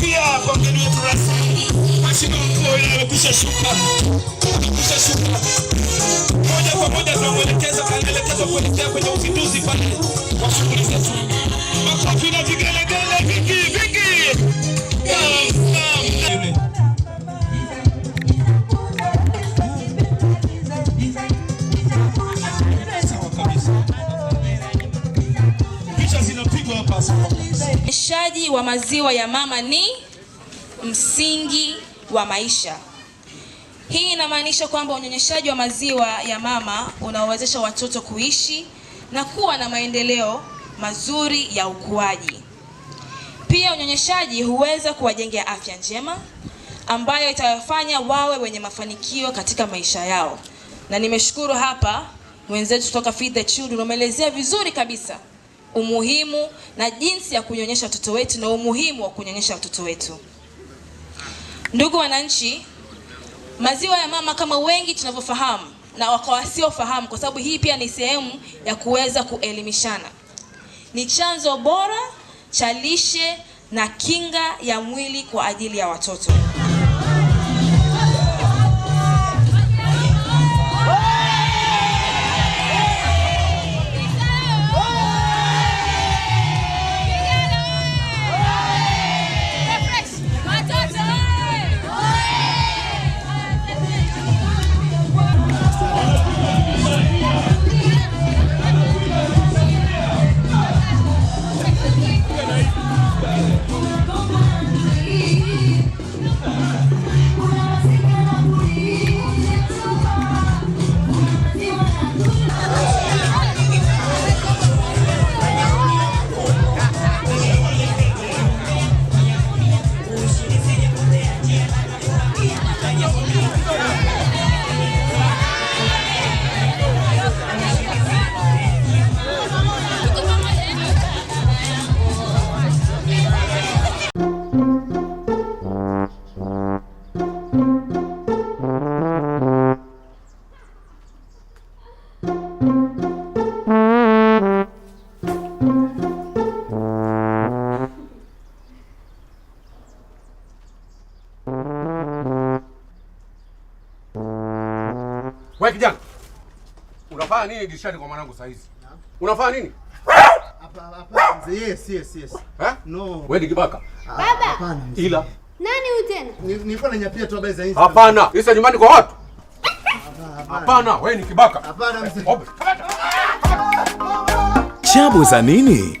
pia kwa mgeni wetu rasmi mheshimiwa mkuu amekwisha shuka, amekwisha shuka moja kwa moja, tunamwelekeza anaelekezwa kuelekea kwenye uzinduzi pale wa shughuli zetu. Makofi na vigelegele vingi. Uzalishaji wa maziwa ya mama ni msingi wa maisha. Hii inamaanisha kwamba unyonyeshaji wa maziwa ya mama unawezesha watoto kuishi na kuwa na maendeleo mazuri ya ukuaji. Pia unyonyeshaji huweza kuwajengea afya njema ambayo itawafanya wawe wenye mafanikio katika maisha yao, na nimeshukuru hapa mwenzetu kutoka Feed the Children umeelezea vizuri kabisa umuhimu na jinsi ya kunyonyesha watoto wetu na umuhimu wa kunyonyesha watoto wetu. Ndugu wananchi, maziwa ya mama kama wengi tunavyofahamu na wako wasiofahamu, kwa sababu hii pia ni sehemu ya kuweza kuelimishana, ni chanzo bora cha lishe na kinga ya mwili kwa ajili ya watoto. Wewe kijana. Unafanya nini dirishani kwa mwanangu saa hizi? Unafanya nini? Hapa hapa Yes, yes, yes. Eh? No. Wewe ni kibaka. Ah, Baba. Hapana. Ila. Nani huyu tena? Nilikuwa nanyapia tu habari za hizi. Hapana. Hizi ni nyumbani kwa watu. Hapana, wewe ni kibaka. Hapana mzee. Chabu za nini?